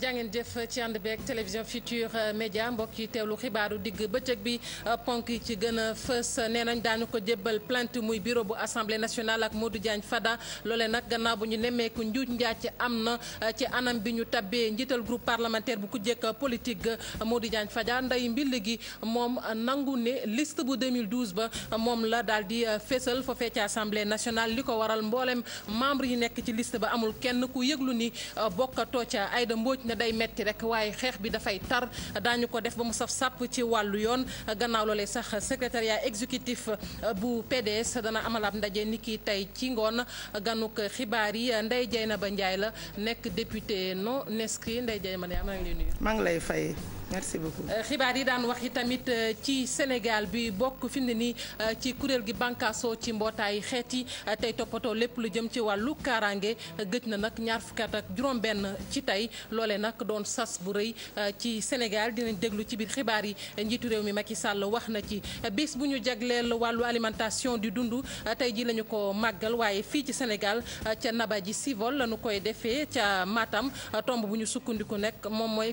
jàngeen jëf ci ànd beeg télévision Futur Média mbokk yi teewlu xibaaru digg bëccëg bi ponk yi ci gën a fës nee nañ daañu ko jébbal plainte muy bureau bu assemblée nationale ak Modou Diagne Fada loole nag gannaaw bu ñu nemmeeku njuuj njaaj ci am na ci anam bi ñu tabee njiital groupe parlementaire bu ku jëkk politique Modou Diagne Fada nday mbill gi moom nangu ne liste bu 2012 ba moom la daal di fésal foofee ci assemblée nationale li ko waral mboolem membre yi nekk ci liste ba amul kenn ku yëglu ni bokkatoo ca ne day metti rek waaye xeex bi dafay tar daañu ko def ba mu saf sàpp ci wàllu yoon gannaaw loolee sax secrétariat exécutif bu PDS dana amalab ndaje niki tey ci ngoon ganuk xibaar yi na ba Ndiaye la nekk député non inscrit Ndeye Dieynaba Ndiaye maa ngi lay maa ngi lay fay. merci euh, xibaar yi daan wax yi tamit euh, ci Sénégal bi bokk fi mu nii euh, ci kuréel gi bànkaasoo ci mbootaay xeet yi tey toppatoo lépp lu jëm ci wàllu kaaraange gëj na nag ñaar fukki at ak juróom-benn ci tey loole nag doon sas bu rëy ci Sénégal dinañ déglu ci biir xibaar yi njiitu réew mi Macky Sall wax na ci bis bu ñu jagleel wàllu alimentation di dund tey ji lañu ko màggal waaye fii ci Sénégal ca naba ji Civol lañu koy defee ca Matam tomb bu ñu sukkandiku nekk moom mooy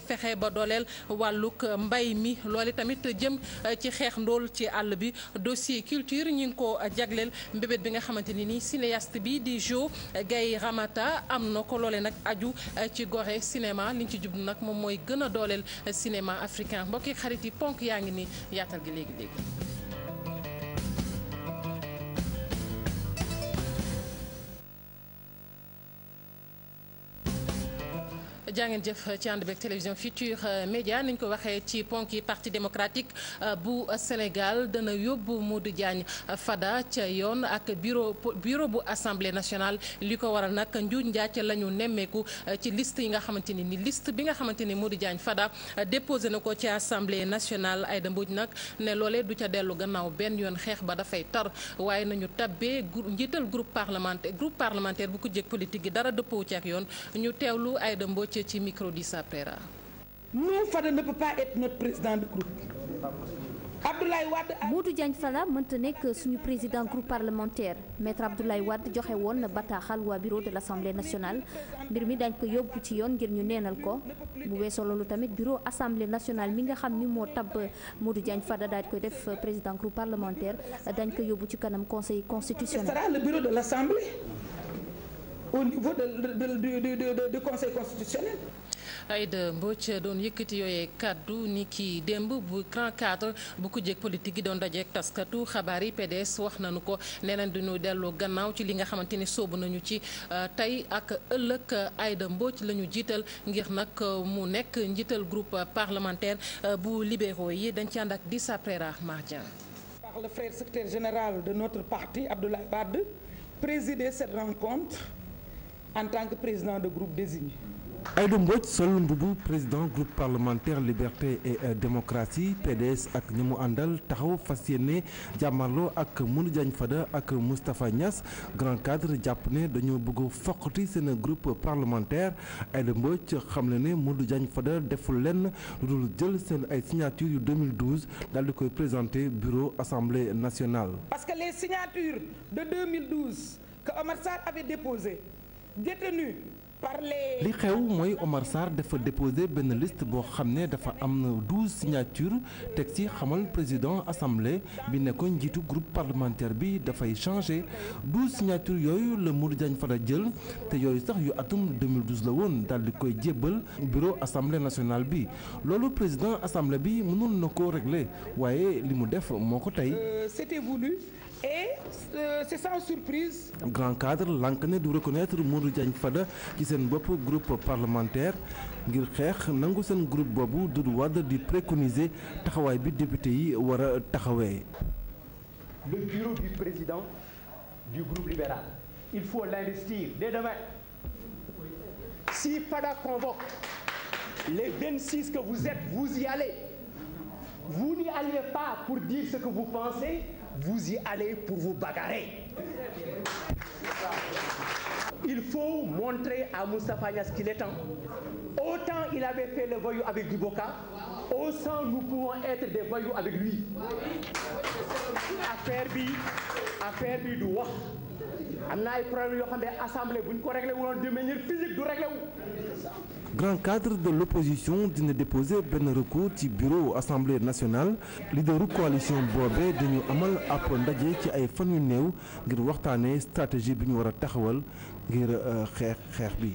wàllug mbay mi loole tamit jëm eh, ci xeex ndool ci àll bi dossier culture ñi ngi ko jagleel mbébét bi nga xamante ni nii cinéaste bi di Jo Gaye Ramata am na ko loole nag aju eh, ci gore cinéma liñ ci jublu nag moom mooy gën a dooleel eh, cinéma africain mbokki xarit yi ponk yaa ngi ni yaatal gi léegi léegi jàngeen jëf ci ànd beeg télévision Futurs euh, Médias niñ ko waxee ci ponk yi parti démocratique euh, bu Sénégal dana yóbbu Modou Diagne Fada ca yoon ak bureau bureau bu assemblée nationale li ko waral nag njuuj njaac la ñu nemmeeku euh, ci liste yi nga xamante ni liste bi nga xamante ni di Diagne Fada déposé na ko ci assemblée nationale Aïda Mbodj nag ne loole du ca dellu gannaaw benn yoon xeex ba dafay tar waaye nañu tabbee njiital groupe parlementaire groupe parlementaire bu ko jëkk politique gi dara dëppoo ci ak yoon monsieur ci micro di Saprera. non Fada ne peut pas être notre président groupe. Abdoulaye Wade. Modou Diagne Fada mënta nekk suñu président groupe parlementaire maître Abdoulaye joxe woon na bataaxal waa bureau de l' assemblée nationale mbir mi dañ ko yóbbu ci yoon ngir ñu neenal ko bu weesoo loolu tamit bureau assemblée nationale mi nga xam ni moo tab Modou Diagne Fada daal di koy def président groupe parlementaire dañ ko yóbbu ci kanam conseil constitutionnel. au niveau de de de de conseil constitutionnel. Aïda doon yëkkati yooye kàddu ni ki démb bu grand bu ko jég politique yi doon dajeeg taskatu xabaar yi PDS wax nañu ko nee nañ dañu delloo gannaaw ci li nga xamante ni soobu nañu ci euh, tey ak ëllëg ayda mbooc la ñu jiital ngir nag euh, mu nekk njiital groupe parlementaire euh, bu libéraux yi dañ ci ànd ak Dissa Prera Mardian. par en tant que président de groupe désigné. Aïda Mbodj sol mbubu président groupe parlementaire liberté et euh, démocratie PDS ak ñi mu àndal taxaw fas yéene jàmmarloo ak Modou Diagne Fada ak Moustapha Niass grand cadre jàpp ne dañoo bëgg a seen groupe parlementaire Aïda Mbodj xam ne ne Modou Diagne Fada deful lenn lu dul jël seen ay signature yu 2012 daal di koy présenté bureau assemblée nationale. parce que les de 2012 que Omar Sarr avait par li xew mooy Omar Sarr dafa déposé benn liste boo xam ne dafa am douze signatures teg ci xamal président assemblée bi nekkoon njiitu groupe parlementaire bi dafay changé douze signatures yooyu la Modou fa Fada jël te yooyu sax yu atum 2012 la woon daal di koy jébbal bureau assemblée nationale bi loolu président assemblée bi mënoon na koo réglé waaye li mu def moo ko tey. Euh, c'était et euh, c'est sans surprise. grand cadre lank ne du reconnaître Modou Diagne Fada ci seen bopp groupe parlementaire ngir xeex nangu seen groupe boobu Doudou Wade di préconiser taxawaay bi député yi war a taxawee. le bureau du président du groupe libéral il faut l'investir dès demain si Fada convoque les 26 que vous êtes vous y allez vous n'y allez pas pour dire ce que vous pensez. vous y allez pour vous bagarrer. Il faut montrer à Moustapha Niass qu'il temps. Autant il avait fait le voyou avec Duboka, autant nous pouvons être des voyous avec lui. Affaire bi, bi du wax. am na ay problème yoo xam assemblée bu ñu ko réglé wu noonu de manière du réglé grand cadre de l' dina déposé benn recours ci bureau assemblée nationale leaderu coalition boobee dañu amal ab ndaje ci ay fan yu néew ngir waxtaanee stratégie bi ñu war a taxawal ngir euh, xeex xeex bi.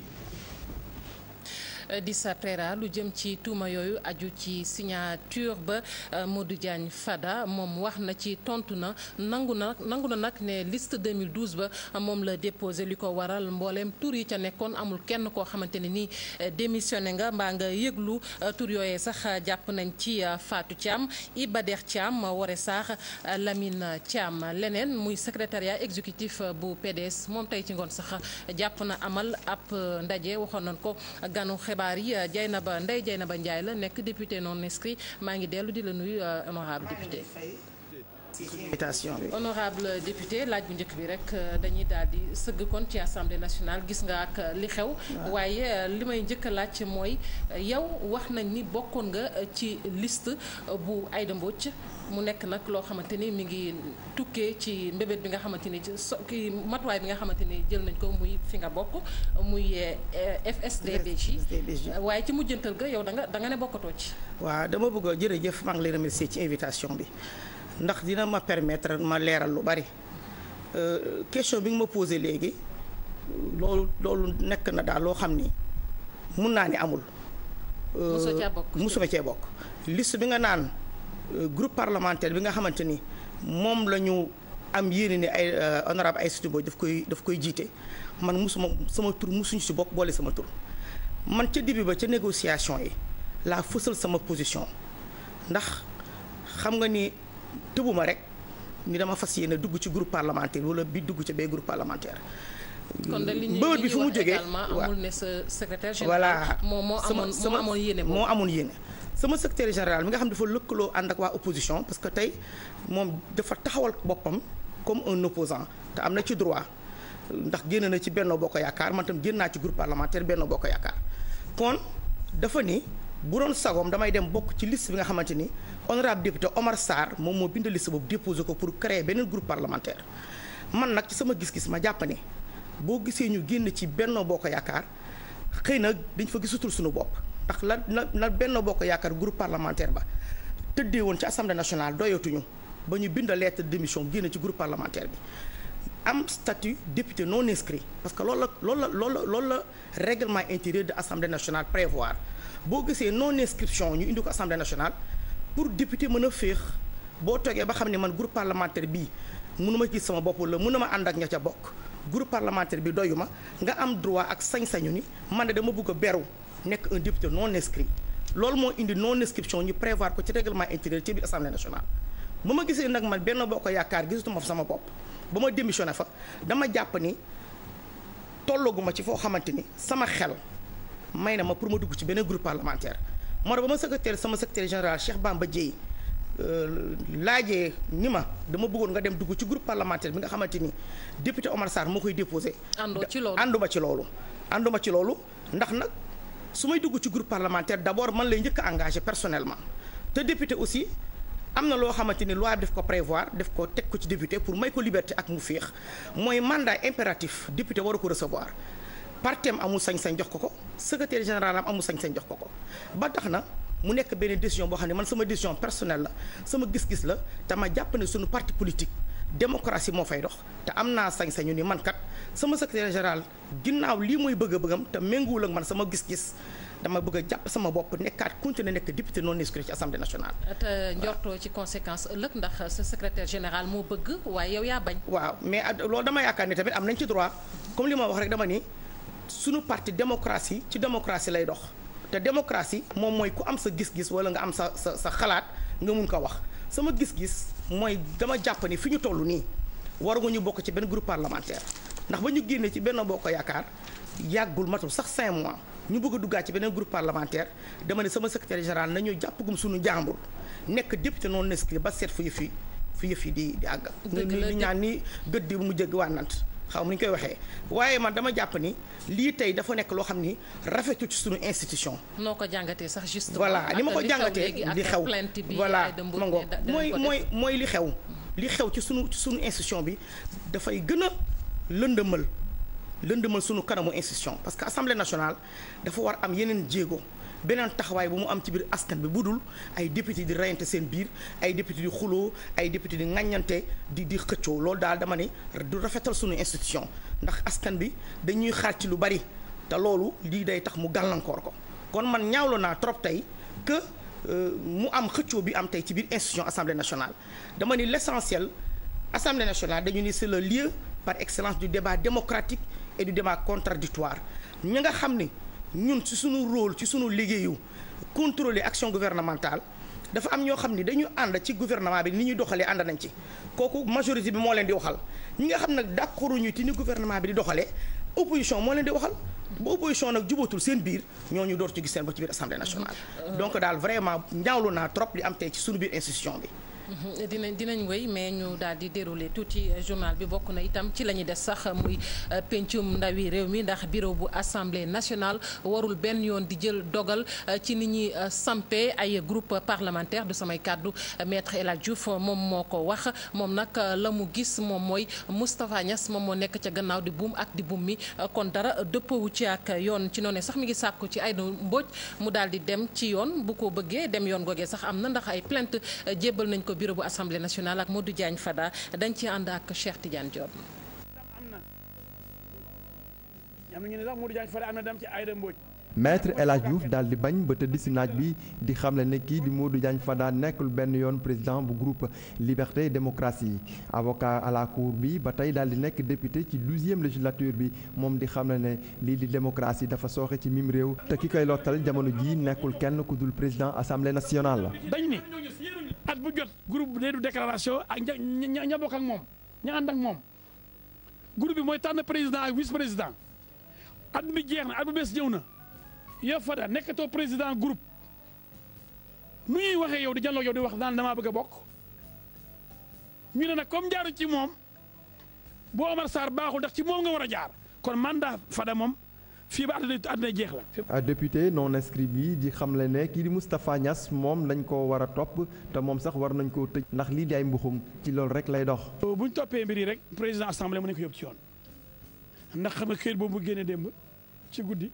Euh, Dissa Preira lu jëm ci tuuma yooyu aju ci signature ba euh, Modou Diagne Fada moom wax na ci tontu na nangu na nangu na nag ne liste 2012 ba moom la déposé li ko waral mbooleem tur yi ca nekkoon amul kenn koo xamante ne nii euh, démissionné nga mbaa nga yëglu tur yooyee sax jàpp nañ ci Fatou Thiam Iba Der Thiam Wore Sarr Lamine Thiam leneen muy secrétariat exécutif bu PDS moom tey ci ngoon sax jàpp na amal ab ndaje waxoon nañ ko ganu xel xibaar yi eh, Dieynaba na ba Ndiaye la nekk député non inscrit maa ngi dellu di la nuyu eh, honorable député invitation bi. honorable député laaj bu njëkk bi rek euh, dañuy daal di sëgg kon ci assemblée nationale gis nga ak euh, li xew. waaye euh, li may njëkk a laaj mooy yow wax nañ ni bokkoon nga ci list bu Aïda Mbodj mu nekk nag loo xamante ni mi ngi tukkee ci mbébét bi nga xamante ni so ki matuwaay bi nga xamante ni jël nañ ko muy fi nga bokk muy FSDBJ. waaye ci mujjantal ga yow da nga da ne bokkatoo ci. waaw dama bëgg jërëjëf maa ngi lay ci invitation bi. ndax dina ma permettre ma leeral lu bari euh, question bi nga ma posé léegi loolu loolu nekk na daal loo xam ni mun naa ni amul. Euh, musuma cee bokk list bi nga naan euh, groupe parlementaire bi nga xamante ni moom la ñu am yéene ni ay honorable ay studio daf koy daf koy jiite man musuma sama tur musuñu si bokk boole sama tur man ca début ba ca négociation yi laa fësal sama position ndax xam nga ni. tëbuma rek ni dama fas yéene dugg ci groupe parlementaire wala bi dugg ci bee groupe parlementaire. kon li ñu bi fu mu jógee waa ne sa secrétaire général. moo moo amoon moo yéene moo amoon yéene. sama secrétaire général mi nga xam dafa lëkkaloo ànd ak waa opposition parce que tey moom dafa taxawal boppam comme un opposant te am na ci droit ndax génn na ci Benno Bokk Yaakaar man tam génn naa ci groupe parlementaire Benno Bokk Yaakaar kon dafa ni. bu doon sagoom damay dem bokk ci liste bi nga xamante ni honorable député Omar Sarr moom moo bind liste boobu déposé ko pour créer beneen groupe parlementaire man nag ci sama gis-gis ma jàpp boo gisee ñu génn ci Benno Bokk Yaakaar xëy na dañ fa gisutu suñu bopp ndax la na la Benno Bokk Yaakaar groupe parlementaire ba tëddee woon ci assemblée nationale doyatuñu ba ñu bind lettre de démission génn ci groupe parlementaire bi am statut député non inscrit parce que loolu la loolu la loolu la la règlement intérieur de assemblée nationale boo gisee non inscription ñu indi ko assemblée nationale pour député mën a féex boo toogee ba xam ne man groupe parlementaire bii mënuma gis sama bopp la ma ànd ak ña ca bokk groupe parlementaire bi ma nga am droit ak sañ-sañu ni man de dama bëgg a beru nekk un député non inscrit loolu moo indi non inscription ñu prévoir ko ci réglement intérieur ci biir assemblée nationale ba ma gisee nag man benn boo ko yaakaar gisatuma sama bopp ba ma démissionné fa dama jàpp ni tollaguma ci foo xamante ni sama xel may na ma pour ma dugg ci benn groupe parlementaire moo tax ba ma secrétaire sama secrétaire général Cheikh Bamba Dièye euh, laajee ni ma dama bëggoon nga dem dugg ci group parlementaire bi nga xamante ni député Omar sar moo koy déposé. àndoo ci loolu ànduma ci loolu. ànduma ci loolu ndax nag su may dugg ci groupe parlementaire d'abord man lay njëkk a engagé personnellement te député aussi. am na loo xamante ni loi def ko prévoir def ko teg ko ci député pour may ko liberté ak mu féex mooy mandat impératif député war ko recevoir partem amul sañ-sañ jox ko ko secrétaire général am amul sañ-sañ jox ko ko ba tax na mu nekk benn décision boo xam ne man sama décision personnelle la sama gis-gis la te ma jàpp ne sunu parti politique démocratie moo fay dox te am naa sañ-sañu ni man kat sama secrétaire général ginnaaw lii muy bëgg a te méngoowul ak man sama gis-gis dama bëgg a jàpp sama bopp nekkaat continuer nekk député non inscrit ci assemblée nationale. te ci conséquence ëllëg ndax sa secrétaire général moo bëgg waaye yow yaa bañ. waaw mais loolu dama yaakaar ni tamit am nañ ci droit comme li ma wax rek dama ni suñu parti démocratie ci démocratie lay dox te démocratie moom mooy ku am sa gis-gis wala nga am sa sa sa xalaat nga mun ko wax sama gis-gis mooy dama jàpp ni fi ñu toll nii war waruñu ñu bokk ci benn groupe parlementaire ndax ba ñu génnee ci benn bokk yaakaar yàggul matul sax cinq mois ñu bëgg a duggaat ci beneen groupe parlementaire dama ne sama secrétaire général nañu jàppagum suñu jàmbur nekk député non inscrit ba seet fu yëf yi fu yëf yi di di àgg. dëgg ñaan ni gëdd mu jéggi wànnant xaw mu nu ñu koy waxee waaye man dama jàpp ni lii tey dafa nekk loo xam ni rafetu ci suñu institution. noo ko jàngatee sax juste. voilà ni ma ko jàngatee li xew voilà ma ngoog mooy mooy mooy li xew. li xew ci sunu ci sunu institution bi dafay gën a lëndëmal lëndëmal sunu kanamu institution parce que assemblée national dafa war am yeneen jéego. beneen taxawaay bu mu am ci biir askan bi bu dul ay député di reyante seen biir ay député di xuloo ay député di ŋàññante di di xëcco loolu daal dama ne du rafetal suñu institution ndax askan bi dañuy xaar ci lu bari te loolu lii day tax mu gàllankoor ko kon man ñaawlo naa trop tey que euh, mu am xëccoo bi am tey ci biir institution assemblée nationale dama ni l'essentiel assemblée nationale dañu ni c'est le lieu par excellence du débat démocratique et du d contradictoire ñi nga xam ni ñun ci suñu rôle ci suñu liggéeyu contrôler action gouvernementale dafa am ñoo xam ni dañu ànd ci gouvernement bi ni ñuy doxalee ànd nañ ci kooku majorité bi moo leen di waxal ñi nga xam nag d'accorduñu ci ni gouvernement bi di doxalee opposition moo leen di waxal ba opposition nag jubatul seen biir ñu door ci gis seen ba ci biir assemblée nationale mm-hmm. donc daal vraiment ñaawlu naa trop li am tey ci suñu biir institution bi Mhm. dinañ dinañ wéy mais ñu daal di dérouler tuuti journal bi bokk na itam ci la ñuy des sax muy euh, pencum ndawi réew mi ndax bureau bu assemblée nationale warul benn yoon di jël dogal euh, ci ni ñuy euh, sampe ay groupe parlementaire du samay kàddu maître El Hadj Diouf moom moo ko wax moom nag la mu gis moom mooy Moustapha Niass moom moo nekk ca gannaaw di buum ak di buum mi kon dara dëppoowu ci ak yoon ci noonu sax mi ngi sàkku ci ay mbooj mu daal di dem ci yoon bu ko bëggee dem yoon googee sax am na ndax ay plainte jébbal nañ ko bureau bu assemblée nationale ak Modou Diagne Fada dañ ci ànd ak Cheikh Tidiane Diop. am na ne sax Modou Diagne Fada dem ci Aïda Mbodj. maître El daal di bañ ba tëdd si naaj bi di xamle ne kii di Modou Diagne Fada nekkul benn yoon président bu groupe Liberté et Démocratie avocat cour bi ba tey daal di nekk député ci douzième législature bi moom di xamle ne lii di démocratie dafa sooxe ci mim réew te ki koy lottal jamono jii nekkul kenn ku dul président assemblée nationale. la at bu jot groupe bi day du déclaration ak ña ña bokk ak moom ña ànd ak moom groupe bi mooy tànn président ak vice président at mi jeex na at bu bees jëw na yow Fada nekkatoo président groupe mu ñuy waxee yow di jalloo yow di wax naan damaa bëgg a bokk ñu ne nag comme jaaru ci moom boo Omar Sarr baaxul ndax ci moom nga war a jaar kon mandat Fada moom. fii ba àdduna àdduna jeex la. Ah, député non inscrit bi di xamle ne kii di Moustapha Niass moom lañ ko war a topp te moom sax war nañ koo tëj ndax lii di ay mbuxum ci loolu rek lay dox. bu ñu toppee mbir yi rek président assemblée mu ne ko yóbbu ci yoon ndax xam nga këyit boobu mu génne démb ci guddi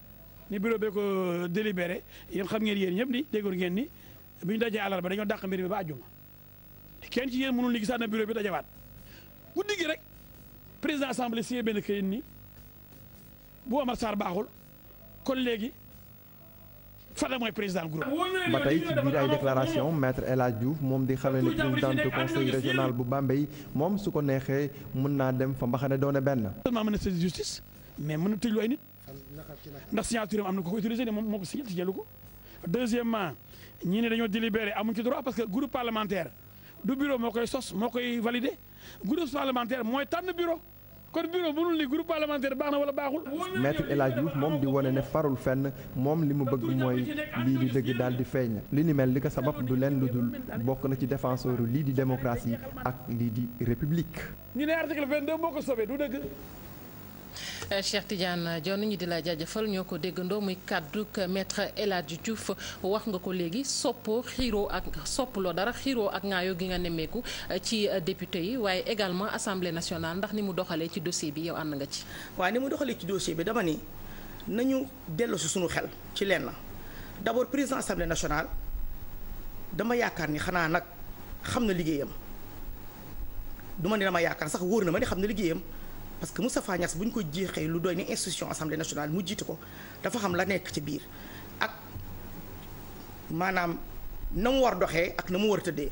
ni bureau bee ko euh, délibéré yéen xam ngeen yéen ñëpp ni déggoon ngeen ni bi ñu dajee àllarba dañoo dàq mbir mi ba àjjuma kenn ci yéen mënul ni gisaat na bureau bi dajawaat guddi gi rek président assemblée signé benn këyit ni bu Omar Sarr baaxul kon léegi Fada mooy président groupe. ba tey ci biir ay déclaration maître El Hadj Diouf moom di xamee ne président conseil régional bu Bambey moom su ko neexee mën naa dem fa mbaxane doone benn. seulement ministre de justice mais mën na tëjlu ay nit ndax signature am na ko ko utilisé ne moom moo ko signé tijjalu ko deuxièmement ñii ne dañoo délibéré amuñ ci droit parce que groupe parlementaire du bureau moo koy sos moo koy validé groupe parlementaire mooy tànn bureau. kon bureau mënul ni groupe parlementaire baax na wala baaxul. maître El moom di wane ne farul fenn moom li mu bëgg mooy lii di dëgg daal di feeñ. li ni mel li ko sabab du leen lu dul bokk na ci défenseur lii di démocratie ak lii di république. ñu ne article 22 moo ko sauvé du dëgg. Eh, Cheikh Tidiane Dione ñu di la jaajëfal ñoo ko déggandoo muy kàdduk maître El Hadji Diouf wax nga ko léegi soppoo xiiroo ak soppuloo dara xiiroo ak ŋaayoo gi nga nemmeeku eh, ci eh, député yi waaye également assemblée nationale ndax ni mu doxalee ci dossier bi yow ànd nga ci. waaw ni mu doxalee ci dossier bi dama ni nañu dellu si suñu xel ci leen lenn d'abord président assemblée nationale dama yaakaar ni xanaa nag xam na liggéeyam duma ma ne dama yaakaar sax wóor na ma ne xam na liggéeyam. parce que Moustapha Niass bu ñu ko jeexee lu doy ni institution assemblée nationale mu jiite ko dafa xam la nekk ci biir ak maanaam na mu war doxee ak na mu war tëddee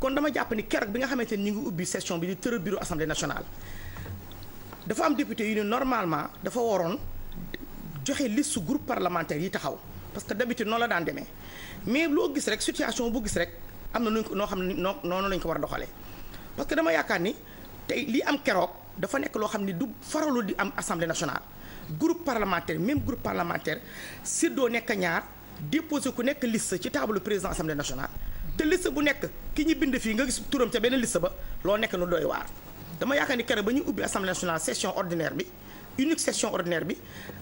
kon dama jàpp ni keroog bi nga xamante ni ñu ngi ubbi session bi di tërë bureau assemblée nationale dafa am député yu ne normalement dafa waroon joxe listu groupe parlementaire yi taxaw parce que d'habitude noonu la daan demee mais loo gis rek situation bu gis rek am na nuñ ko noo xam ne noonu lañ ko war a doxalee parce que dama yaakaar ni tey li am keroog. dafa nekk loo xam ni du faralu di am assemblée nationale groupe parlementaire même groupe parlementaire séddoo nekk ñaar déposé ku nekk liste ci table président assemblée nationale te liste bu nekk ki ñu bind fii nga gis turam ca benn liste ba loo nekk nu doy waar dama yaakaar ni keroog ba ñuy ubbi assemblée nationale session ordinaire bi unique session ordinaire bi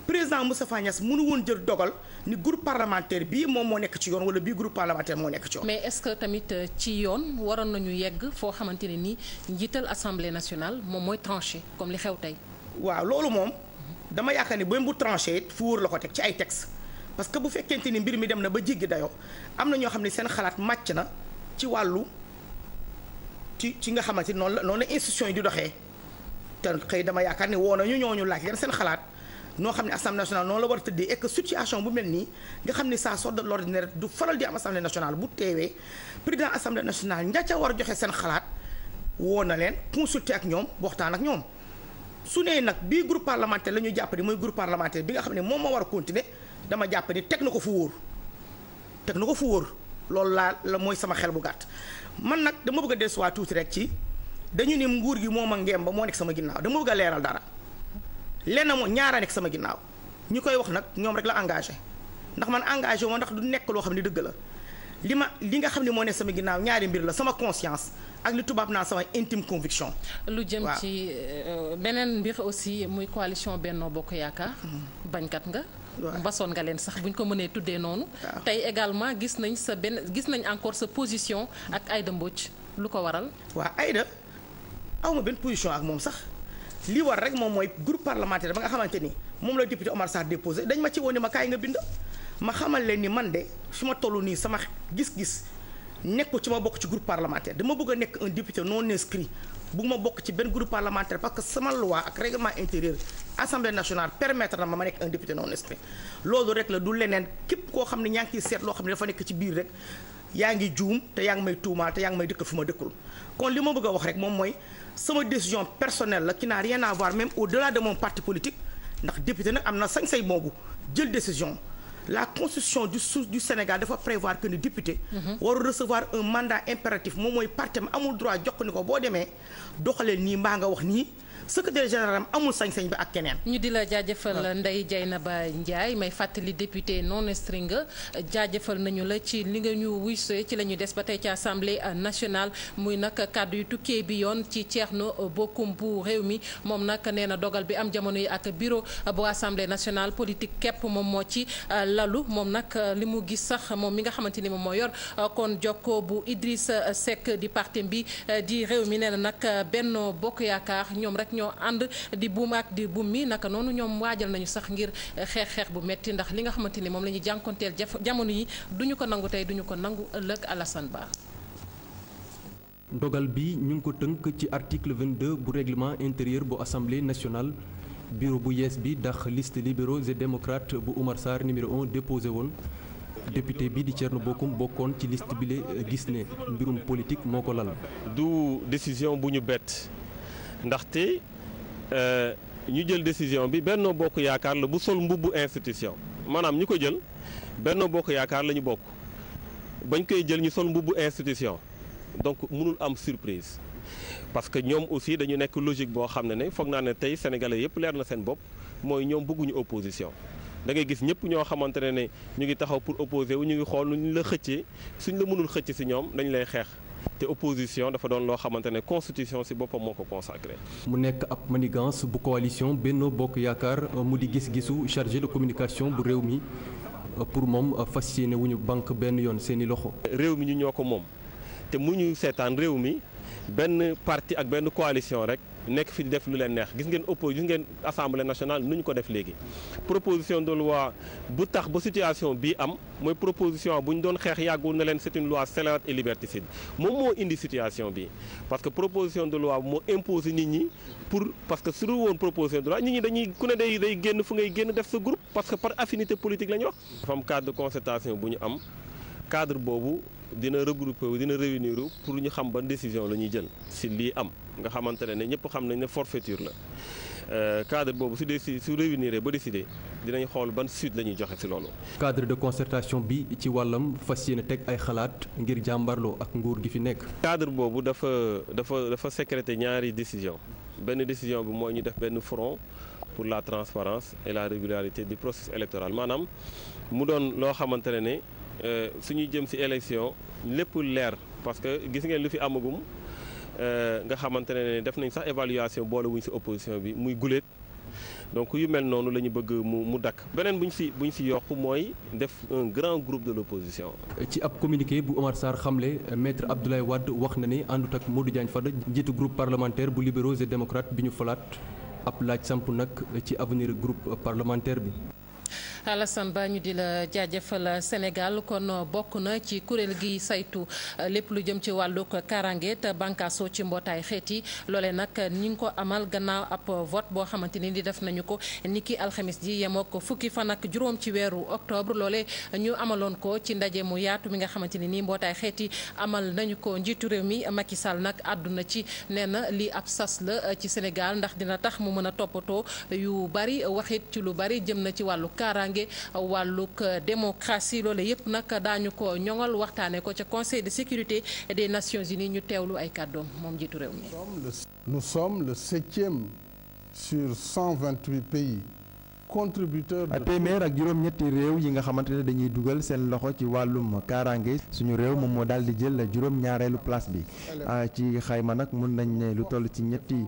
président Moustapha Niass mënu woon jël dogal ni groupe parlementaire bii moom moo nekk ci yoon wala bii groupe parlementaire moo nekk ci yoon. mais est tamit euh, ci yoon waroon na nañu yegg foo xamante ne nii njiital assemblée nationale moom mooy tranché comme li xew tey. waaw loolu moom dama yaakaar ni bu tranché it fu wóor la ko teg ci ay texte parce que bu fekkente ni mbir mi dem na ba jéggi dayoo am na ñoo xam ne seen xalaat màcc na ci wàllu ci ci nga xamante noonu noonu la institution yi di doxee. te xëy dama yaakaar ne woo nañu ñooñu laaj leen seen xalaat noo xam ne assemblée nationale noo la war a tëddee et que situation bu mel nii nga xam ne ça sort de l'ordinaire du faral di am assemblée nationale bu teewee président assemblée nationale ña ca war a joxe seen xalaat woo na leen consulter ak ñoom waxtaan ak ñoom. su nee nag bii groupe parlementaire la ñuy jàpp mooy groupe parlementaire bi nga xam ne moom moo war a continuer dama jàpp ni teg na ko fu wóor teg ko fu loolu laa la mooy sama xel bu gàtt man nag dama bëgg a tuuti rek ci. dañu ne nguur gi moo ma ngeem ba moo nekk sama ginnaaw dama bëgg a leeral dara lenn moo ñaara nekk sama ginnaaw ñu koy wax nag ñoom rek la engagé ndax man engage moo ndax du nekk loo xam ne dëgg la li ma li nga xam ne moo nekk sama ginnaaw ñaari mbir la sama conscience ak li tubaab naa sama intime conviction. lu jëm ci euh, beneen mbir aussi muy coalition Benno Bokk Yaakaar. Hmm. bañkat nga. basoon nga leen sax buñ ko mënee tuddee noonu. tey également gis nañ sa benn gis nañ encore sa position. ak Aïda Mbodj lu ko waral. aw ma benn position ak moom sax li war rek moom mooy groupe parlementaire ba nga xamante ni moom la député Omar Sarr déposé dañ ma ci woon ni ma kaay nga bind. ma xamal leen ni man de su ma toll nii sama gis-gis nekkul ci ma bokk ci groupe parlementaire dama bëgg a nekk un député non inscrit bu ma bokk ci benn groupe parlementaire parce que sama loi ak règlement intérieur assemblée nationale permettre na ma ma nekk un député non inscrit loolu rek koo xam ne ñaa ngi ciy xam ne dafa nekk ci biir rek yaa ngi juum te yaa ngi may tuumaal te ngi may dëkkal fu ma dëkkul kon li ma bëgg a wax rek moom mooy. sama décision personnelle la qui n'a rien à voir même au-delà de mon parti politique ndax député nag am na sañ-sañ boobu jël décision la constitution du sous du Sénégal dafa prévoir que ni député. Mhm. waru recevoir un mandat impératif moom mooy parti am amul droit jox ni ko boo demee doxalee nii mbaa nga wax nii. secrétaire général amul sañ bi ak keneen. ñu di la jaajëfal na ba Ndiaye may fàttali député non string jaajëfal nañu la ci li nga ñu wuysee ci la ñu des ba tey ci assemblée nationale muy nag kàddu yu tukkee bi yoon ci ceex Thierno bokkum bu réew mi moom nag nee na dogal bi am jamono yi ak bureau bu assemblée nationale politique képp moom moo ci euh, lalu moom nag euh, li mu gis sax moom mi nga xamante ni moom moo yor euh, kon jokko bu Idriss Seck di parti bi di réew mi nee na nag Benno Bokk Yaakaar ñoo ànd di buum ak di buum mi naka noonu ñoom waajal nañu sax ngir eh, xeex xeex bu metti ndax li nga xamante ni moom la ñuy jànkonteel jamono yi duñu ko nangu tey duñu ko nangu ëllëg Alassane Ba ndogal bi ñu ngi ko tënk ci article 22 bu réglement intérieur bu assemblée nationale bureau bu yees bi ndax liste libéraux et démocrates bu Oumar Sarr numéro 1 déposé woon député bi di Thierno Bocoum bokkoon ci liste bi eh, gis ne mbirum politique moo ko lal. du décision bu ñu bett. ndaxte euh, ñu jël décision bi Benno Bokk Yaakaar la bu sol mbubbu institution maanaam ñu ko jël Benno Bokk Yaakaar la ñu bokk bañ koy jël ñu sol mbubbu institution donc mënul am surprise parce que ñoom aussi dañu nekk logique boo xam ne ne foog naa ne tey sénégalais yëpp leer na seen bopp mooy ñoom bëgguñu opposition da gis ñëpp ñoo xamante ne ne ñu ngi taxaw pour opposer wu ñu ngi xool nu ñu la xëccee suñ la mënul xëcc si ñoom dañu lay xeex te opposition dafa doon loo xamante ne constitution ci boppam moo ko consacré. mu nekk ab manigance bu coalition benn Bokk Yaakaar euh, mu di gis-gisu chargé de communication bu réew mi euh, pour moom euh, fas yéene wu ñu banque benn yoon seeni loxo. réew mi ñu ñoo ko moom te mu ñu seetaan réew mi. benn parti ak benn coalition rek nekk fi di def lu leen neex gis ngeen oppo gis ngeen assemblée nationale nu ñu ko def léegi. proposition de loi bu tax ba situation bii am mooy proposition bu ñu doon xeex yàggul na leen c'est une loi scélérate et liberticide moom moo indi situation bi parce que proposition de loi moo imposé nit ñi pour parce que su woon proposition de loi nit ñi dañuy ku ne day day génn fu ngay génn def sa groupe parce que par affinité politique la ñu wax. dafa bu ñu am cadre boobu. dina regrouper wu dina réunir wu pour ñu xam ban décision la ñuy jël si lii am nga xamante ne ñëpp xam nañ ne forfaiture la. Euh, cadre boobu su dee si su réunir ba décidé dinañ xool ban suite la ñuy joxe si loolu. cadre de concertation bi ci wàllam fas yéene teg ay xalaat ngir jàmbarloo ak nguur gi fi nekk. cadre boobu dafa dafa dafa sécréter ñaari décision benn décision bi mooy ñu def benn front pour la transparence et la régularité du processus électoral maanaam loo xamante ne. Euh, suñuy jëm ci élection lépp leer parce que gis ngeen lu fi amagum euh, nga xamante ne def nañ sax évaluation boole wuñ ci opposition bi muy guléet donc yu mel noonu la ñu bëgg mu mu dakk beneen bu ñu ci bu ñu ci yokk mooy def un grand groupe de l'opposition. ci ab communiqué bu Omar Sarr xamle maître Abdoulaye Wade wax na ni àndut ak Modou Diagne Fada njiitu groupe parlementaire bu libéraux et démocrates bi ñu falaat ab laaj samp nag ci avenir groupe parlementaire bi. Alassane Ba ñu di la jaajëfal Sénégal kon bokk na ci kuréel gi saytu lépp lu jëm ci wàllug karange te bànkaasoo ci mbootaay xeet yi loole nag ñi ngi ko amal gannaaw ab vote boo xamante ni di def nañu ko niki alxamis ji yemook fukki fan ak juróom ci weeru octobre loole ñu amaloon ko ci ndaje mu yaatu mi nga xamante ni nii mbootaay xeeti amal nañu ko njiitu réew mi Macky Sall nag àdduna ci nee na lii ab sas la ci Sénégal ndax dina tax mu mën a toppatoo yu bari waxit ci lu bari jëm na ci wàllu kaaraange wàllug euh, démocratie loole yëpp nag daañu ko ñoŋal waxtaanee ko ca conseil de sécurité des nations unies ñu teewlu ay kàddoom moom jiitu réew mi. nous sommes le septième sur 128 pays. contributeur de téeméer ak juróom-ñetti réew yi nga xamante ne dañuy dugal seen loxo ci wàllum kaaraange suñu réew moom moo daal di jël juróom-ñaareelu place bi ah, ci xayma nag mun nañ lu toll ci ñetti.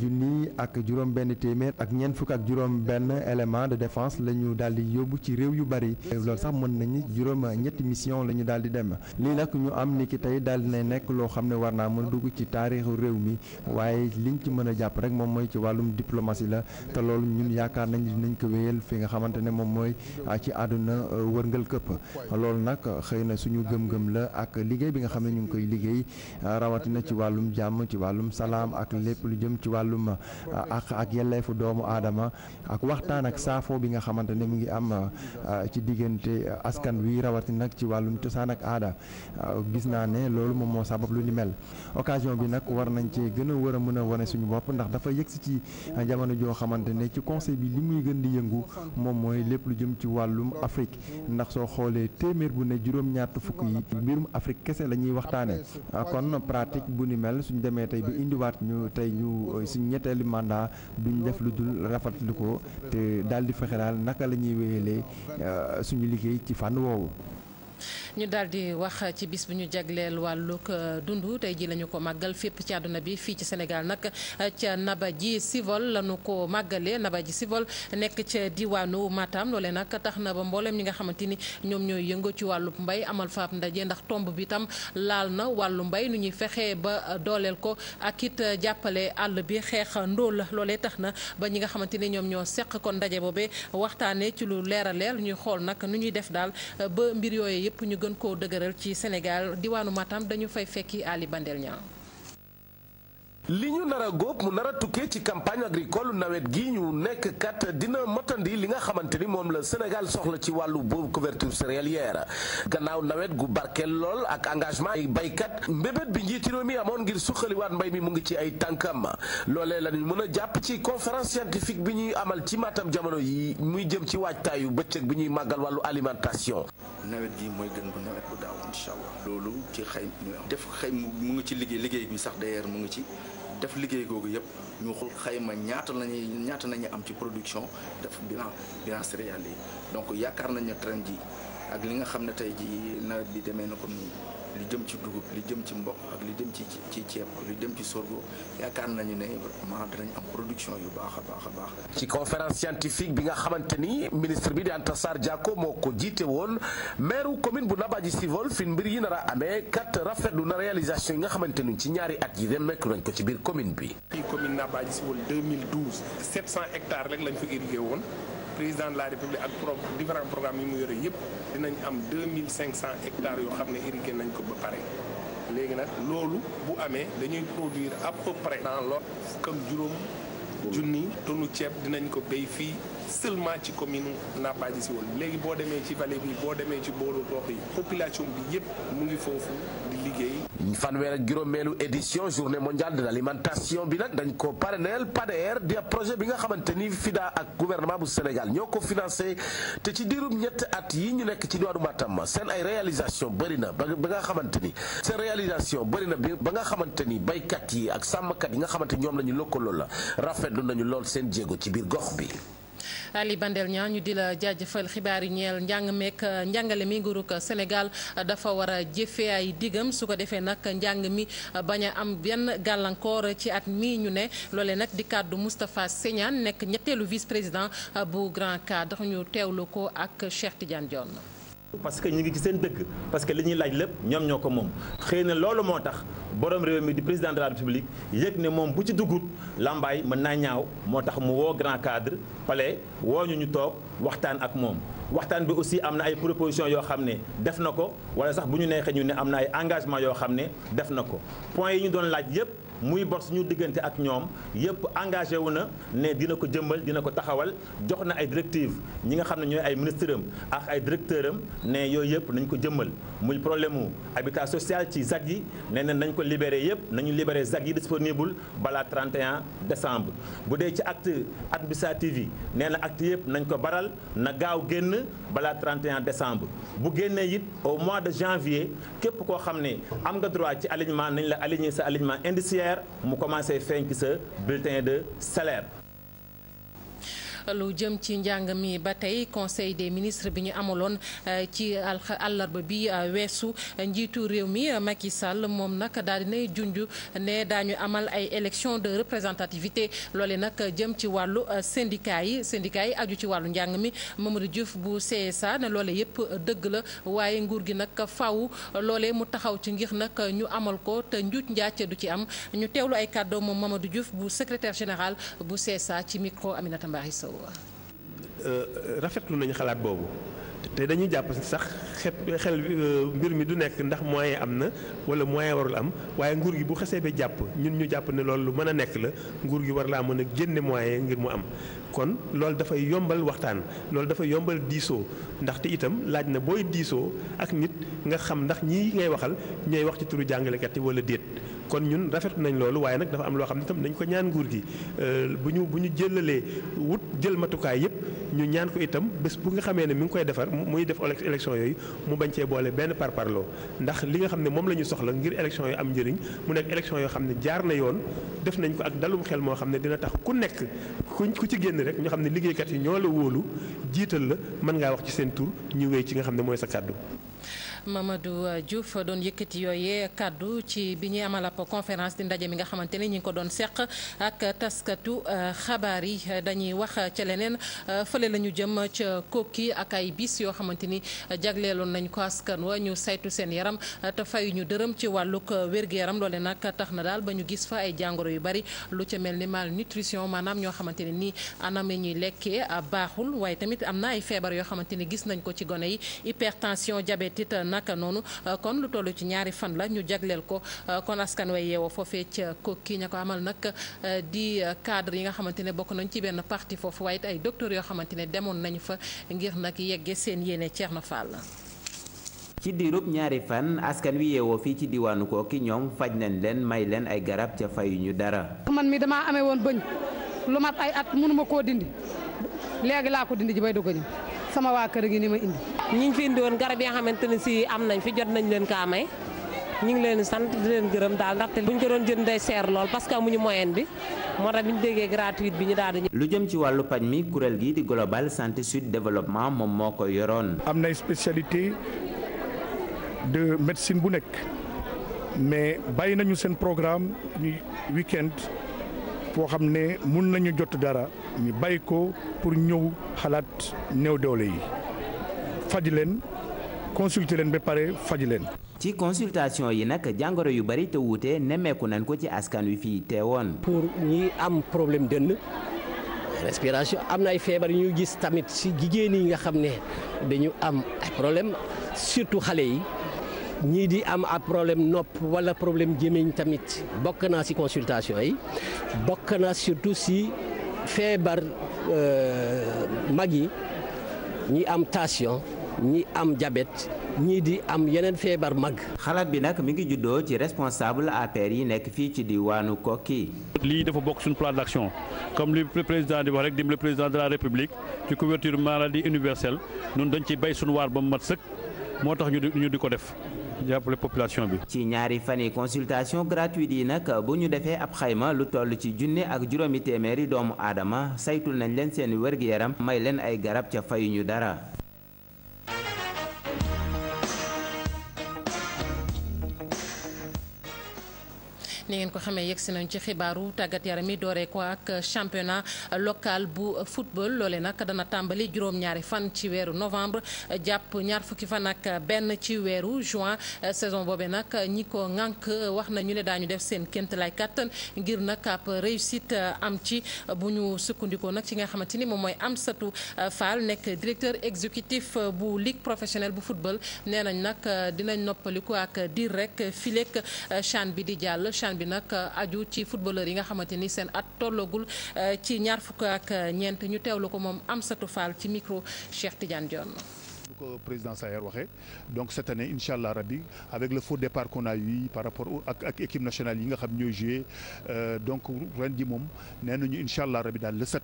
junni ak juróom benn téeméer ak ñeent fukk ak juróom benn élément de défense la ñu daal di yóbbu ci réew yu bëri loolu sax mën nañu juróom ñetti mission la ñu daal di dem lii nag ñu am ni ki tey daal dina nekk loo xam ne war naa mën dugg ci taarixu réew mi waaye liñ ci mën a jàpp rek moom mooy ci wàllum diplomatie la te loolu ñun yaakaar nañ dinañ ko wéyal fi nga xamante ne moom mooy ah, ci àdduna uh, wërngal këpp loolu nag xëy na suñu gëm-gëm la ak liggéey bi nga xam ne ñu ngi koy liggéey uh, rawatina ci wàllum jàmm ci wàllum salaam ak lépp lu jëm ci wàllum euh, ak ak yelleefu doomu aadama ak waxtaan ak saafo bi nga xamante ne mu ngi am euh, ci diggante askan wi rawati nag ci wàllum cosaan ak aada euh, gis naa ne loolu moom moo sabab lu ni mel occasion bi nag war nañ cee gën a war a mën a wane suñu bopp ndax dafa yëgsi ci jamono joo xamante ne ci conseil bi li muy gën di yëngu moom mooy lépp lu jëm ci wàllum Afrique ndax soo xoolee téeméer bu ne juróom-ñaar fukk yi mbirum Afrique kese la ñuy waxtaane mel suñ demee tey bi indiwaat Euh, suñ ñetteelu mandat duñ def lu dul rafetlu ko te daal di fexe daal naka la ñuy wéyalee euh, suñu liggéey ci fànn woowu. ñu daal di wax ci bis bi ñu jagleel wàllug euh, dund tey ji lañu ko màggal fépp ci àdduna bi fii ci Sénégal nag euh, ca Naba ji sivol la ko màggalee Naba ji Civol nekk ca diwaanu Matam loole nag tax na ba mbooleem ñi nga xamante ni ñoom ñooy yëngu ci wàllu mbay amal faab ndaje ndax tomb bi itam laal na wàllu mbay nu ñuy fexe ba dooleel ko ak it jàppale àll bi xeex ndóol loole tax na ba ñi nga xamante ni ñoom ñoo seq kon ndaje boobee waxtaanee ci lu leera leer ñuy xool nag nu ñuy def daal euh, mbir yooyu yëpp ñu gën koo dëgëral ci Sénégal diwaanu Matam dañu fay fekki Ali Bandel li ñu nar a góob mu nar a tukkee ci campagne agricole nawet gi ñu nekk kat dina motandi li nga xamante ni moom la Sénégal soxla ci wàllu boobu couverture céréalière gannaaw nawet gu barkeel lool ak engagement ay baykat mbébét bi njiitu réew mi amoon ngir suqaliwaat mbay mi mu ngi ci ay tànkam loolee la ñu mën a jàpp ci conférence scientifique bi ñuy amal ci maatam jamono yi muy jëm ci waajtaayu bëccëg bi ñuy màggal wàllu alimentation. nawet gi mooy gën bu nawet bu daaw incha allah. loolu ci xay def ngi ci liggéey liggéey bi sax d'ailleurs mu ngi ci. def liggéey googu yëpp ñu xool xayma ñaata lañuy ñaata nañu am ci production def bilan bilan céréales yi donc yaakaar nañu ne ren ji ak li nga xam ne tey ji nawet bi demee na comme nii li jëm ci dugub li jëm ci mboq ak li jëm ci ci ceeb lu jëm ci sorgho yaakaar nañu ne vraiment dinañ am production yu baax a baax a baax. ci conférence scientifique bi nga xamante ni ministre bi di Anta Sarr Diacko moo ko jiite woon maire commune bu Nabadji Civol fi mbir yi nar a amee kat rafetlu na réalisation yi nga xamante ni ci ñaari at yi dem nekk nañ ko ci biir commune bi. fii commune Nabadji Civol 2012 700 hectares rek lañ fi irrigué woon. président de la république ak pro différents programmes yi mu yore yëpp dinañ am deux mille cinq cent hectares yoo xam ne irrigué nañ ko ba pare. léegi nag loolu bu amee dañuy produire à peu près dans l'ordre fukk ak juróom junni tonu ceeb dinañ ko béy fii seulement ci commune Nampadji Civol léegi boo demee ci vallée bi boo demee ci boolu toox yi population bi yëpp mu ngi foofu liggéey. fanweer ak juróomeelu édition journée mondial de alimentation bi nag dañ ko parrainel PADER di projet bi nga xamante ni FIDA ak gouvernement bu Sénégal ñoo ko financé te ci diirum ñetti at yi ñu nekk ci diwaanu Matam seen ay réalisation bëri na ba nga xamante ni seen réalisation bëri na bi ba nga xamante ni baykat yi ak sàmmkat yi nga xamante ñoom la ñu lëkkaloo la rafetlu nañu lool seen jéego ci biir gox bi. Ali Bandel ñaa ñu di la jaajëfal xibaar yi ñeel njàng meek euh, njàngale mi nguurug Sénégal euh, dafa war a jëfee ay digam su ko defee nag njàng mi euh, bañ a am benn gàllankoor ci at mi ñu ne loole nag di kàddu Moustapha Segnane nekk ñetteelu vice président bu grand dafa ñu teewlu ko ak Cheikh Tidiane Dione parce que ñu ngi ci seen dëgg parce que li ñuy laaj lépp ñoom ñoo ko moom xëy na loolu moo tax borom réew mi di président de la république yëg ne moom bu ci duggut làmbaay mën naa ñaaw moo tax mu woo grand cadre pale woo ñu ñu toog waxtaan ak moom. waxtaan bi aussi am na ay proposition yoo xam ne def na ko wala sax bu ñu neexee ñu ne am na ay engagement yoo xam ne def na ko point yi ñu doon laaj yëpp. muy bor suñu diggante ak ñoom yëpp engagé wu na ne dina ko jëmbal dina ko taxawal jox na ay directives ñi nga xam ne ñooy ay ministre am ak ay directeur am ne yooyu yëpp nañ ko jëmbal muy problème mu habitat social ci ZAC yi nee na nañ ko libéré yëpp nañu libéré ZAC yi disponible balaa 31 décembre bu dee ci acte administratif yi nee na acte yëpp nañ ko baral na gaaw génn balaa 31 décembre bu génnee it au mois de janvier képp koo xam ne am nga droit ci alignement nañ la aligner sa alignement salaire mu commencé feeñ ci sa bulletin de salaire lu jëm ci njàng mi ba tey conseil des ministres bi ñu amaloon euh, ci àllarba bi euh, weesu euh, njiitu réew mi Macky Sall moom nag daal dinay junju ne daañu amal ay élection de représentativité loole nag jëm ci wàllu syndicat yi aju ci wàllu njàng mi Mamadou Diouf bu CSA ne loole yëpp dëgg la waaye nguur gi nag faw loole mu taxaw ci ngir nag ñu amal ko te njuuj njaace du ci am ñu teewlu ay kàddoo moom Mamadou Diouf bu secretaire général bu CSA ci micro Aminata Mbaye Euh, euh, rafetlu nañu xalaat boobu te dañuy jàpp sax xet xel euh, mbir mi du nekk ndax moyen am na wala moyen warul am waaye nguur gi bu xesee ba jàpp ñun ñu jàpp ne lool lu mën a nekk la nguur gi war laa mën a génne moyen ngir mu am kon loolu dafay yombal waxtaan loolu dafay yombal diisoo ndaxte itam laaj na booy diisoo ak nit nga xam ndax ñi ngay waxal ñooy wax ci turu jàngalekat yi wala déet kon ñun rafet nañ loolu waaye nag dafa am loo xam ne itam nañ ko ñaan nguur gi euh, bu ñu bu ñu jëlalee wut jël matukaay yëpp ñu ñaan ko itam bés bu nga xamee ne mu ngi koy defar muy def élection yooyu mu bañ cee boole benn par parloo ndax li nga xam ne moom la ñu soxla ngir élection yu am njëriñ mu nekk élection yoo xam ne jaar na yoon def nañ ko ak dalum xel moo xam ne dina tax ku nekk ku ci génn rek ñu xam ne liggéeykat yi ñoo la wóolu jiital la mën ngaa wax ci seen ñu wéy ci nga xam ne mooy sa kàddu Mamadou euh, Diouf doon yëkkati yooyee kàddu ci bi ñuy amal ab conférence di ndaje mi nga xamante ni ñi ngi ko doon seq ak taskatu euh, xabaar yi dañuy wax ca leneen euh, fële la jëm ca kokki ak ay bis yoo xamante ni jagleeloon nañ ko askan wa ñu saytu seen yaram te fayu ñu dërëm ci wàllug wér-gu-yaram loole nag tax na daal ba ñu gis fa ay jàngoro yu bari lu ca mel ni malnutrition maanaam ñoo xamante ne nii anam yi ñuy lekkee baaxul waaye tamit am na ay feebar yoo xamante ni gis nañ ko ci gone yi naka noonu euh, kon lu toll ci ñaari fan la ñu jagleel ko euh, kon askan way yeewoo foofee ca kii ña ko amal nag euh, di cadre yi nga xamante ne bokk nañ ci benn parti foofu waaye it ay docteurs yoo xamante ne demoon nañu fa ngir nag yegge seen yéene na Fall ci diirub ñaari fan askan wi yeewoo fii ci diwaanu kooki ñoom faj nañ leen may leen ay garab ca ñu dara. man mi dama amee woon bëñ lu mat ay at mënuma koo dindi léegi laa ko dindi ji bay dugg ñi ñu fi indi woon garab yi nga xamante ne si am nañ fi jot nañ leen kaa may ñu ngi leen sant di leen gërëm daal ndaxte bu ñu ko doon jënd day seer lool parce que ñu moyen bi moo tax bi ñu déggee gratuite bi ñu daal di. lu jëm ci wàllu paj mi kuréel gi di global santé sud développement moom moo ko yoroon. am nay spécialité de médecine bu nekk mais bàyyi nañu seen programme ñu weekend foo xam ne mun nañu jot dara ñu bàyyi ko pour ñëw xalaat néew doole yi. faji leen consulter leen ba pare faji leen. ci consultation yi nag jàngoro yu bari te wuute nemmeeku nañ ko ci askan wi fii teewoon. pour ñi am problème dënn respiration am na ay feebar ñuy gis tamit si jigéen yi nga xam ne dañu am problème surtout xale yi. ñii di am ab problème nopp wala problème gémmiñ tamit bokk naa ci consultation yi bokk naa surtout si feebar euh, mag yi ñi am tasion ñi am jabet ñii di am yeneen feebar mag. xalaat bi nag mi ngi juddoo ci responsable APR yi nekk fii ci diwaanu Koki. lii dafa bokk suñu plan d'action comme li président di wax rek dimbali président de la république ci couverture maladie universelle noonu dañ ci bay suñu waar ba mu mat sëkk moo tax ñu di ko def. jàppale population bi. ci ñaari fan yi consultation gratuite yi nag bu ñu defee ab xayma lu toll ci junne ak juróomi téeméeri doomu aadama saytul nañ leen seen wér-gu-yaram may leen ay garab ca fayuñu dara. ni ngeen ko xamee yegsi nañ ci xibaaru tàggat yaram yi dooree ko ak championnat local bu football loole nag dana tàmbali juróom-ñaari fan ci weeru novembre jàpp ñaar fukki fan ak benn ci weeru juin saison boobe nag ñi ko ngank wax nañu ne daañu def seen kémt lay kàttan ngir nag ab réussite am ci bu ñu sukkandikoo nag ci nga xamante ni moom mooy Amsatou Fall nekk directeur exécutif bu ligue professionnelle bu football nee nañ nag dinañ noppaliku ak diir rek bi nag euh, aju ci footballeur yi nga xamante ni seen at tollagul euh, ci ñaar fukk ak ñeent ñu teewlu ko moom am Amsatou Fall ci micro Cheikh Tidiane Dione. ko président Sayer waxee donc cette année incha allah rabi avec le faux départ qu'on a par rapport ak ak équipe nationale yi nga xam ñooy joué euh, donc ren ji moom nee nañu incha allah rabi daal le 7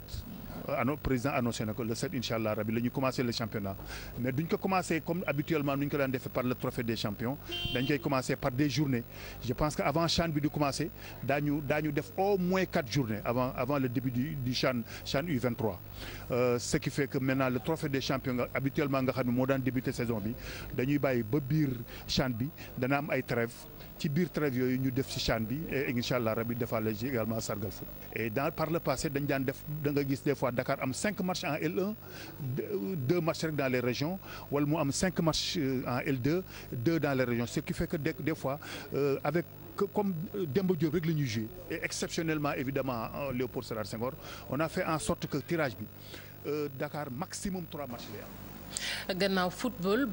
ano président annoncé na ko le 7 incha la ñu commencé le championnat mais duñ ko commencé comme habituellement nuñ ko daan defee par le trophée des champions dañ koy commencé par des journées je pense que avant CHAN bi di commencé daañu daañu def au moins quatre journées avant avant le début du du CHAN U23. Euh, ce qui fait que maintenant le trophée des champions nga habituellement nga xam ne moo daan débuté saison bi dañuy bàyyi ba biir CHAN bi dana am ay trêve ci biir trêve yooyu ñu def ci CHAN bi et incha allah rabi defaale ci également sargal foot. et dans par le daan def da nga gis des fois Dakar am cinq matchs en L1 deux matchs rek dans les région wala mu am cinq matchs euh, en L2 deux dans les région ce qui fait que des fois euh, avec. comme euh, Demba Diop rek la ñuy joué et exceptionnellement évidemment Léopold Sédar Senghor on a fait en sorte que tirage bi euh, Dakar maximum trois matchs lay am gannaaw football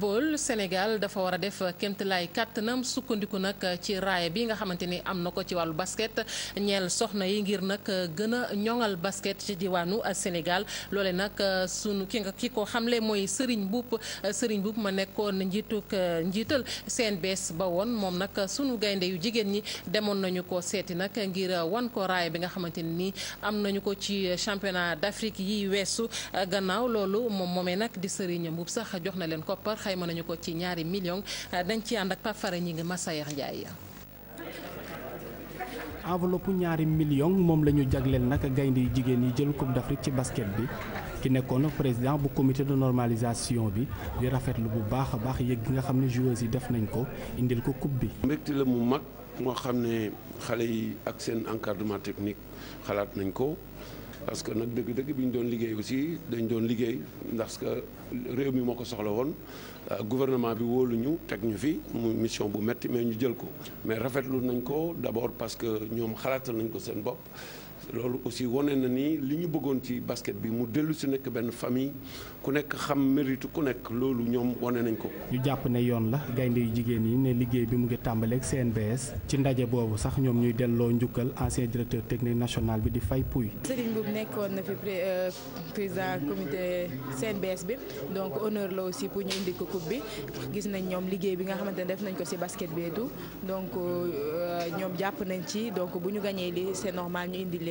bool Sénégal dafa war a def kéemtalaay kàttanam sukkandiku nag ci raaya bi nga xamante ni am na ko ci wàllu basket ñeel soxna yi ngir nag gën a ñoŋal basket ci diwaanu Sénégal loole nag euh, sunu ki nga ki ko xamle mooy Serigne Mboup Serigne Mboup ma nekkoon njiituk euh, njiital CNBS ba woon moom nag sunu gaynde yu jigéen ñi demoon nañu ko seeti nag ngir euh, wan ko raaya bi nga xamante ni am nañu ko ci championnat d'Afrique yi weesu gannaaw loolu moom moomee waaye nag di Serigne Mboup sax jox na leen koppar xayma nañu ko ci ñaari million dañ ci ànd ak Pape Fara ñi ngi Massayer Ndiaye. enveloppe ñaari million moom la ñu jagleel nag gaynde yu jigéen yi jël coupe d'Afrique ci basket bi ki nekkoon président bu comité de normalisation bi di rafetlu bu baax a baax yëg gi nga xam ne joueurs yi def nañ ko indil ko coupe bi. mbégte la mu mag moo xam ne xale yi ak seen encadrement technique xalaat nañ ko. parce que nag dëgg-dëgg bi ñu doon liggéey aussi dañ doon liggéey ndax que réew mi moo ko soxla woon euh, gouvernement bi wóoluñu teg ñu fi mu mission bu metti mais ñu jël ko mais rafetlu nañ ko d'abord parce que ñoom xalaatal nañ ko seen bopp loolu aussi wane na ni li ñu bëggoon ci basket bi mu dellu si nekk benn famille ku nekk xam mérite ku nekk loolu ñoom wane nañ ko. ñu jàpp ne yoon la gaynde yu jigéen yi ne liggéey bi mu ngi tàmbaleeg CNBS ci ndaje boobu sax ñoom ñuy delloo njukkal ancien directeur technique national bi di fay Pouy. Serigne Mboup nekkoon na fi euh, président comité CNBS bi donc honneur la aussi pour indi ko coupe bi gis nañ ñoom liggéey bi nga xamante ne def nañ ko si basket bi et donc euh, ñoom jàpp nañ ci donc bu ñu gagné lii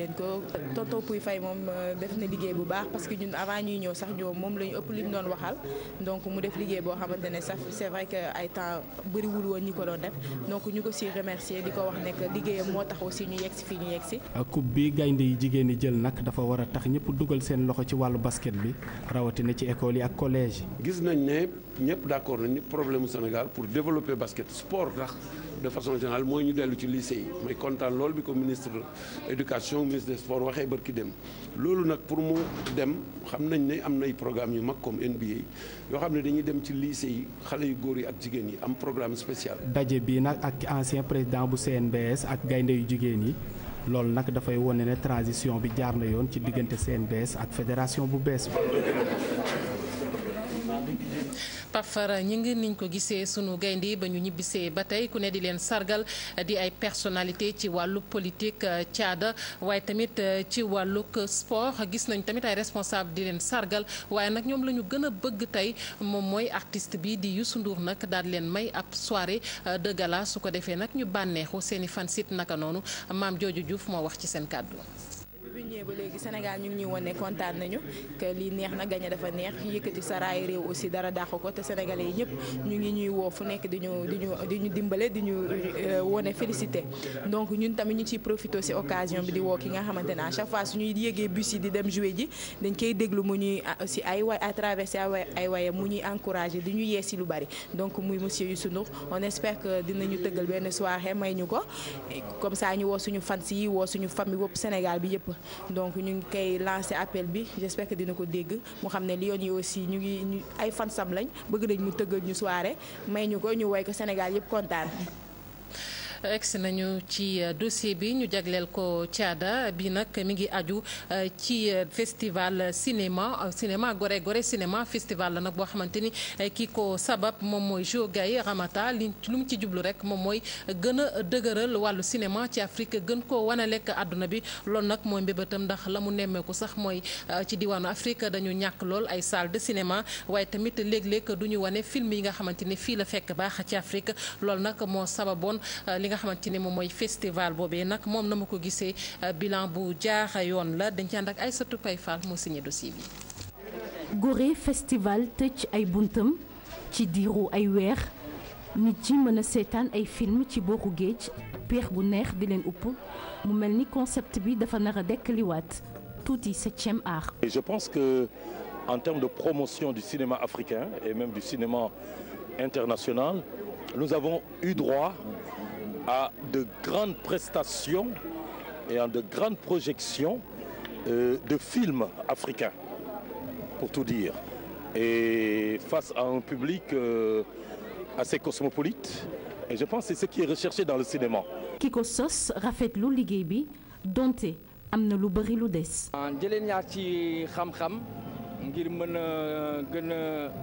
leen ko tonton Pouy Faye moom euh, def na liggéey bu baax parce que ñun avant ñuy ñëw sax ñoom moom la ñu ëpp li ñu doon waxal donc mu def liggéey boo xamante ne sax c'est vrai que ay temps bëriwul woon ñi ko doon def donc ñu ko si remercier di ko wax nekk liggéeyam moo tax aussi ñu yegsi fii ñu yegsi. coupe bi gaynde yi jigéen ñi jël nag dafa war a tax ñëpp dugal seen loxo ci wàllu basket bi rawatina ci école yi ak collège yi. gis nañ ne ñëpp d'accord nañ ni problème mu Sénégal pour développer basket sport de façon générale mooy ñu dellu ci lycée yi may kontaan loolu bi ko ministre éducation ministre des sports waxee barki dem loolu nag pour mu dem xam nañ ne am nay programme yu mag comme NBA yoo xam ne dañuy dem ci lycée yi xale yu góor yi ak jigéen yi am programme spécial. daje bi nag ak ancien président bu CNBS ak gaynde yu jigéen yi loolu nag dafay wone ne transition bi jaar na yoon ci diggante CNBS ak fédération bu bees Pafara ñi ngi niñ ko gisee sunu gaynde ba ñu ñibbisee ba tey ku ne di leen sargal di ay personnalité ci wàllu politique euh, caada waaye tamit euh, ci wàllu sport gis nañ tamit ay responsable di leen sargal waaye nag ñoom la ñu gën a bëgg tey moom mooy artiste bi di Youssou nduur nag daal leen may ab soirée euh, de su ko defee nag ñu bànneexu seeni fansit naka noonu maam jooju Diouf moo wax ci seen kàddu bi ñu ñëwee ba léegi Sénégal ñu ngi ñuy wane kontaan nañu que lii neex na gañe dafa neex yëkkati sa raay réew aussi dara dàq ko te sénégalais yi ñëpp ñu ngi ñuy woo fu nekk di ñu di ñu di ñu dimbale di ñu euh, wane félicité donc ñun tamit ñu ciy profité si occasion bi di woo ki nga xamante ne à fois suñuy yéegee bus yi di dem joué ji dañ koy déglu mu ñuy ah, si ay way à travers ay waye mu ñuy encouragé di ñu yee si lu bari donc muy monsieur Youssou Ndour on espère que dinañu tëggal benn soirée may ñu ko comme ça ñu woo suñu fans yi woo suñu famille wëpp Sénégal bi yëpp donc ñu ngi koy lancé appel bi j'espère que dina ko dégg mu xam ne yoon yi aussi ñu ngi ay fansam lañ bëgg nañ mu tëggal ñu soirée may ñu ko ñu woy ko Sénégal yëpp kontaan egsi nañu ci euh, dossier bi ñu jagleel ko caada bi nag mi ngi aju euh, ci euh, festival cinéma cinéma gore gore cinéma festival la nag boo xamante ni kii ko sabab moom mooy Jogay Ramata li lu mu ci jublu rek moom mooy gën a dëgëral wàllu cinéma ci Afrique gën koo wane lekk àdduna bi loolu nag mooy mbébétam ndax la mu nemmeeku sax mooy ci diwaanu Afrique dañu ñàkk lool ay salle de cinéma waaye tamit léeg-léeg du ñu wane film yi nga xamante ni fii la fekk baax ci Afrique loolu nag moo nga xamante ni moom mooy festival boobee nag moom na ko gisee euh, bilan bu jaaxa yoon la dañ ci ànd ak Aïssatou Paye Fall moo signé dossier bi. Gorée festival tëj ay buntam ci diiru ay weer nit ci mën a seetaan ay film ci booru géej peex gu neex di leen upp mu mel ni concept bi dafa nar a dekkaliwaat tuuti septième art. et je pense que en termes de promotion du cinéma africain et même du cinéma international nous avons eu droit. à de grandes prestations et à de grandes projections euh, de films africains, pour tout dire. Et face à un public euh, assez cosmopolite, et je pense que c'est ce qui est recherché dans le cinéma. Kiko Sos rafetlu liggéey bi donte am na lu bëri lu des. Ah, jëlee ñaar ci xam-xam ngir mën a gën a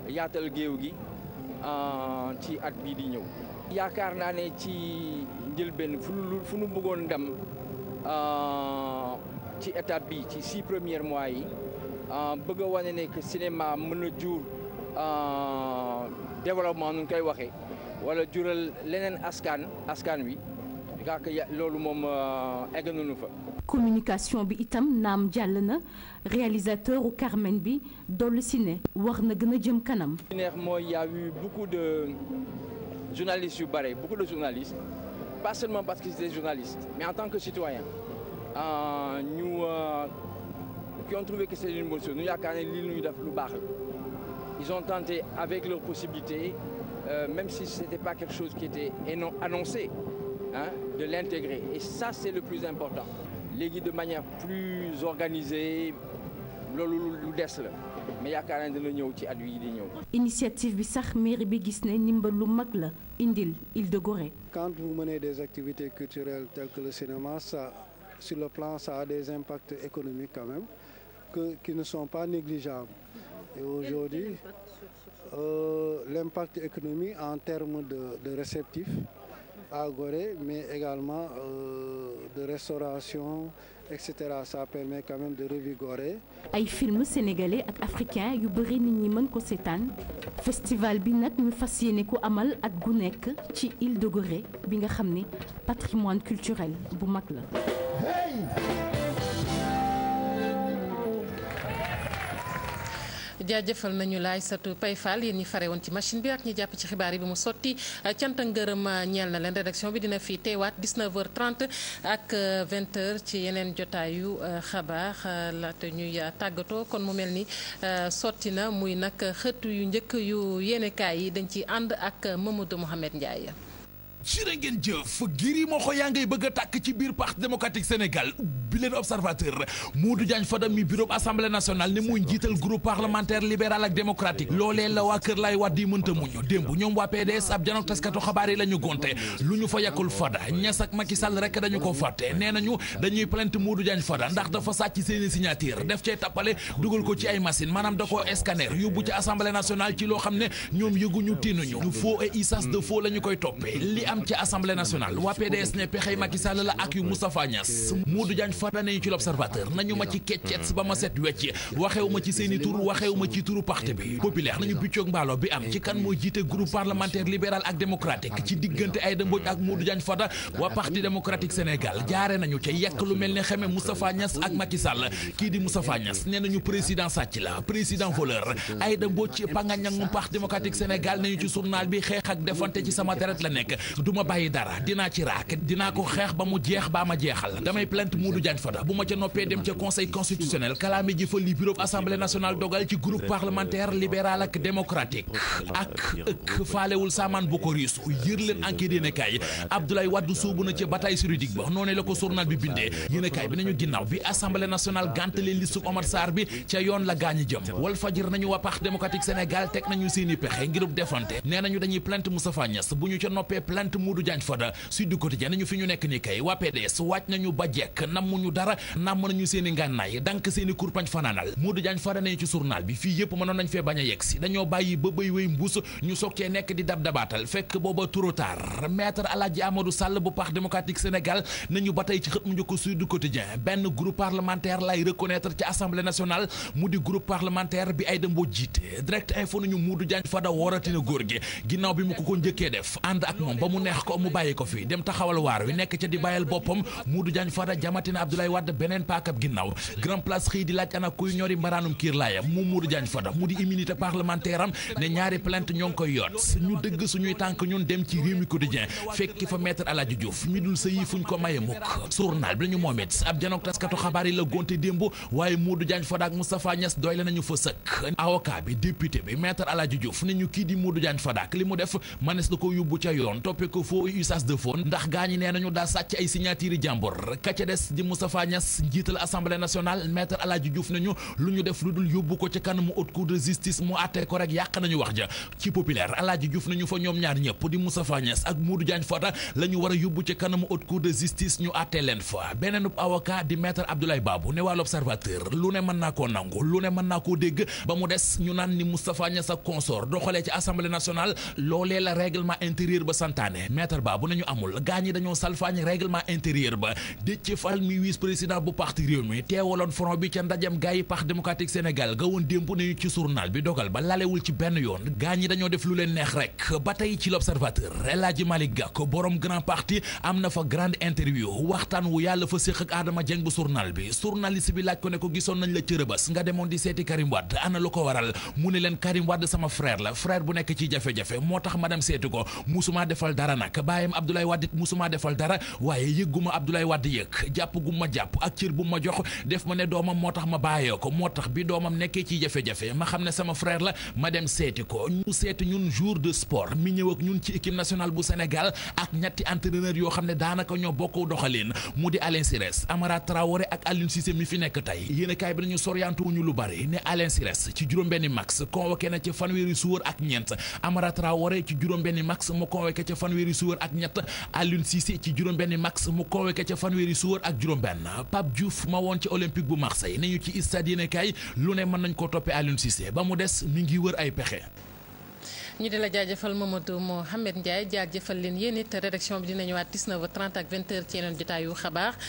yaatal géew gi ah, ci at bii di ñëw. yaakaar naa ne ci njëlbeen fu nu fu nu bëggoon dem euh, ci étape bi ci six première mois yi euh, bëgg a wane ne que cinéma mën na jur euh, développement nu koy waxe wala jural leneen askan askan wi gaak loolu moom egg nañu fa. communication bi itam naam jàll na réalisateur u Carmen bi dollu si ne war na gën a jëm kanam. neex mooy y a de. journalistes yu bare beaucoup de journalistes pas seulement parce qu'ils étaient journalistes mais en tant que citoyens euh, ñu euh, qui ont trouvé que c'est une bonne chose ñu yaakaar ne lii lu ñu def lu baax la ils ont tenté avec leurs possibilités euh, même si c'était pas quelque chose qui était non annoncé hein de l'intégrer et ça c'est le plus important léegi de manière plus organisée loolu lu des la mais yaakaar naa dina ñëw ci at yi di ñëw. initiative bi sax mairie bi gis ne nimbal lu mag la indil Île de Gorée. quand vous menez des activités culturelles telles que le cinéma sur le plan ça des impacts économiques quand même que qui ne sont pas négligeables. et aujourd'hui euh, l'impact économique en termes de de réceptifs à Gorée mais également euh, de restauration. etc ça permet quand ay film sénégalais ak africain yu bari nit ñi mën ko seetaan festival bi nag ñu fas yéene ku amal at gu nekk ci Île de Gorée bi nga xam ne patrimoine culturel bu mag la. jaajëfal nañu laay satu payfal yéen ñi fare woon ci machine bi ak ñi jàpp ci xibaar yi bi mu sotti canta ak ngërëm euh, ñeel na leen rédaction bi dina fi teewaat 19h30 ak 20 euh, ci yeneen jotaayu euh, xabaar laata ñuy tàggatoo kon mu mel ni sotti na muy nag xët yu njëkk yu yéenekaay yi dañ ci ànd ak Mamadou Mouhamed Ndiaye cirë ngeen jëf giri moo xo yaa ngay bëgg a tàkk ci biir parti démocratique Sénégal bi leen observateur Modou Diagne Fada mi bureau assemblée nationale ne mooy njiital groupe parlementaire libéral ak démocratique loolee la waa Kër Laay Wàdd yi mënta muñu démb ñoom waa PDS ab janook taskatu xabaar yi la ñu gonte lu ñu fa yàkkul Fada Niass ak Macky rek dañu ko fàtte nee nañu dañuy plainte Modou Diagne Fada ndax dafa sàcc seeni signature def cee tappale dugal ko ci ay machine maanaam da koo scanner yóbbu ci assemblée nationale ci loo xam ne ñoom yëguñu tiinuñu faux et usage de faux la ñu koy toppee am ci assemblée nationale waa PDS ne pexey Macky Sall la ak yu Moustapha Niass Modou Diagne Fada nañu ci l'observateur nañu ma ci keccet ba ma set wecc waxewu ma ci seeni tur waxewu ci turu parti bi populaire nañu biccoog mbaalo bi am ci kan moo jiite groupe parlementaire libéral ak démocratique ci diggante Aïda Mbodj ak Modou Diagne Fada waa parti nañu ca yàq lu mel ne xeme Moustapha Niass ak Macky Sall kii di Moustapha Niass na nañu président sàcc la président voleur Aïda Mbodj ci pangañangum parti démocratique Sénégal nañu ci journal bi xeex ak defante ci sama deret la nekk xeex du bàyyi dara dinaa ci raak dinaa ko xeex ba mu jeex baa ma jeexal damay plainte Modou Diagne Fada bu ma ca noppee dem ca conseil constitutionnel kalaame ji fa li bureau assemblée nationale dogal ci groupe parlementaire libéral ak démocratique ak ëkk faalewul saamaan bu ko riisu yër leen enquête yéen a kaay Abdoulaye Wade sóobu na ca bataille juridique ba noonee la ko journal bi bindee yéen a kaay bi nañu ginnaaw bi assemblée nationale gàntalee listu Omar Sarr sant Modou Diagne Fada Sud Quotidien ñu fi ñu nekk ni kay waa PDS wàcc nañu ba jekk nammuñu dara namm nañu seen i ngànnaay dank seen i kurpañ fanaanal Modou Diagne Fada nañu ci journal bi fii yëpp mënoon nañ fee bañ a yegg si dañoo bàyyi ba béy wéy mbuus ñu soog cee nekk di dab dabaatal fekk booba trop tard maître Alaaji Amadou bu Parti démocratique Sénégal nañu ba tey ci xët mu njëkk Sud Quotidien benn groupe parlementaire lay reconnaître ci assemblée nationale di groupe parlementaire bi ay bi mu ko neex ko mu bàyyi ko fi dem taxawal waar wi nekk ca di bàyyal boppam Modou Diagne Fada jamatina Abdoulaye Wade beneen paakab ginnaaw grand place xëy di laaj ana kuy ñori mbaraanum kiir laaya mu Modou Diagne Fada mu di immunité nañu fa sëkk avocat bi député bi maître Aladji Diouf ne ñu kii di Modou Diagne Fada ak li mu def manes da ko yóbbu ca yoon ko faux et usage de faux ndax gaa ñi nee nañu daa sàcc ay signature yi jàmbur ca des di Moustapha Niass njiital assemblée nationale maître El Hadji nañu lu ñu def lu dul yóbbu ko ci kanamu haute cour de justice mu àtte ko rek yàq nañu wax ja ci populaire El Hadji nañu fa ñoom ñaar ñëpp di Moustapha Niass ak Modou Diagne Fada la ñu war a yóbbu ci kanamu haute cour de justice ñu àtte leen fa beneen avocat di maître Abdoulaye Babou ne waa doole maître ba bu nañu amul gaañ yi dañoo salfaañ règlement intérieur ba Déthié Fall mi président bu parti réew mi teewaloon front bi ca ndajam gaa yi parti Sénégal ga woon démb nañu ci journal bi dogal ba lalewul ci benn yoon gaañ yi dañoo def lu leen neex rek ba tey ci l'observateur El Hadji Malick Gakou grand parti am na fa grande interview waxtaan wu yàlla fa séq ak Adama Dieng bu journal bi journaliste bi laaj ko ne ko gisoon nañ di seeti Karim Wade la bu nekk ci moo tax ma dem seeti dara nag baayam Abdoulaye Wade musuma yëg jàpp ma jàpp ak cër bu ma jox def ma ne doomam moo tax ma bàyyee ko moo tax bi doomam nekkee ci jafe-jafe ma xam ne sama frère la ma dem seeti ko ñu seeti ñun jour de sport mi ñëw ak ñun ci équipe nationale bu Sénégal ak ñetti entraîneur yoo xam ne daanaka ñoo bokk doxaleen mu di Alain Sires Amara Traoré ak Aliou Cissé mi fi nekk tey yéen kaay bi nañu soriantu wuñu lu bari ne Alain ci juróom-benni max fanweeri suwar ak ñett Aliou Cissé ci juróom-benn Pape Diouf ma woon ci Olympique bu Marseille ne ñu ci stade yéene kaay lu ne mën nañ ko toppee Aliou Cissé ba mu des mi ngi wër ay pexe. ñu di la jaajëfal Mamadou Mohamed Ndiaye jaajëfal leen yéen it rédaction bi dina ñëwaat 19h30 ak 20h ci yeneen jotaayu xabaar.